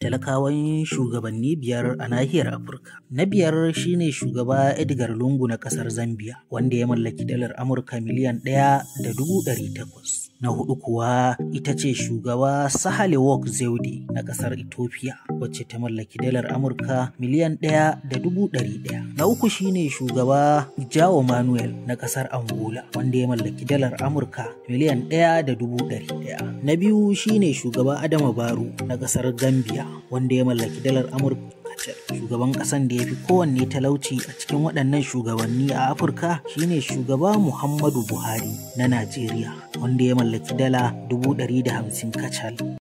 talakawan shugabanni biyar a nahiyar Afirka. Na biyar shine shugaba Edgar Lungu na ƙasar Zambia wanda ya mallaki dalar Amurka miliyan ɗaya da dubu ɗari takwas. Na hudu kuwa ita ce shugaba Sahale Wok Zewde na ƙasar Ethiopia wacce ta mallaki dalar Amurka miliyan ɗaya da dubu ɗari ɗaya. Na uku shine shugaba Jao Manuel na ƙasar Angola wanda ya mallaki dalar Amurka miliyan ɗaya da dubu ɗari ɗaya. Na biyu shine shugaba Adama baru na ƙasar Gambia wanda ya mallaki dalar Amurka shugaban ƙasan da ya fi kowanne talauci a cikin waɗannan shugabanni a afirka shine shugaba muhammadu buhari na najeriya wanda ya mallaki dala 150 kacal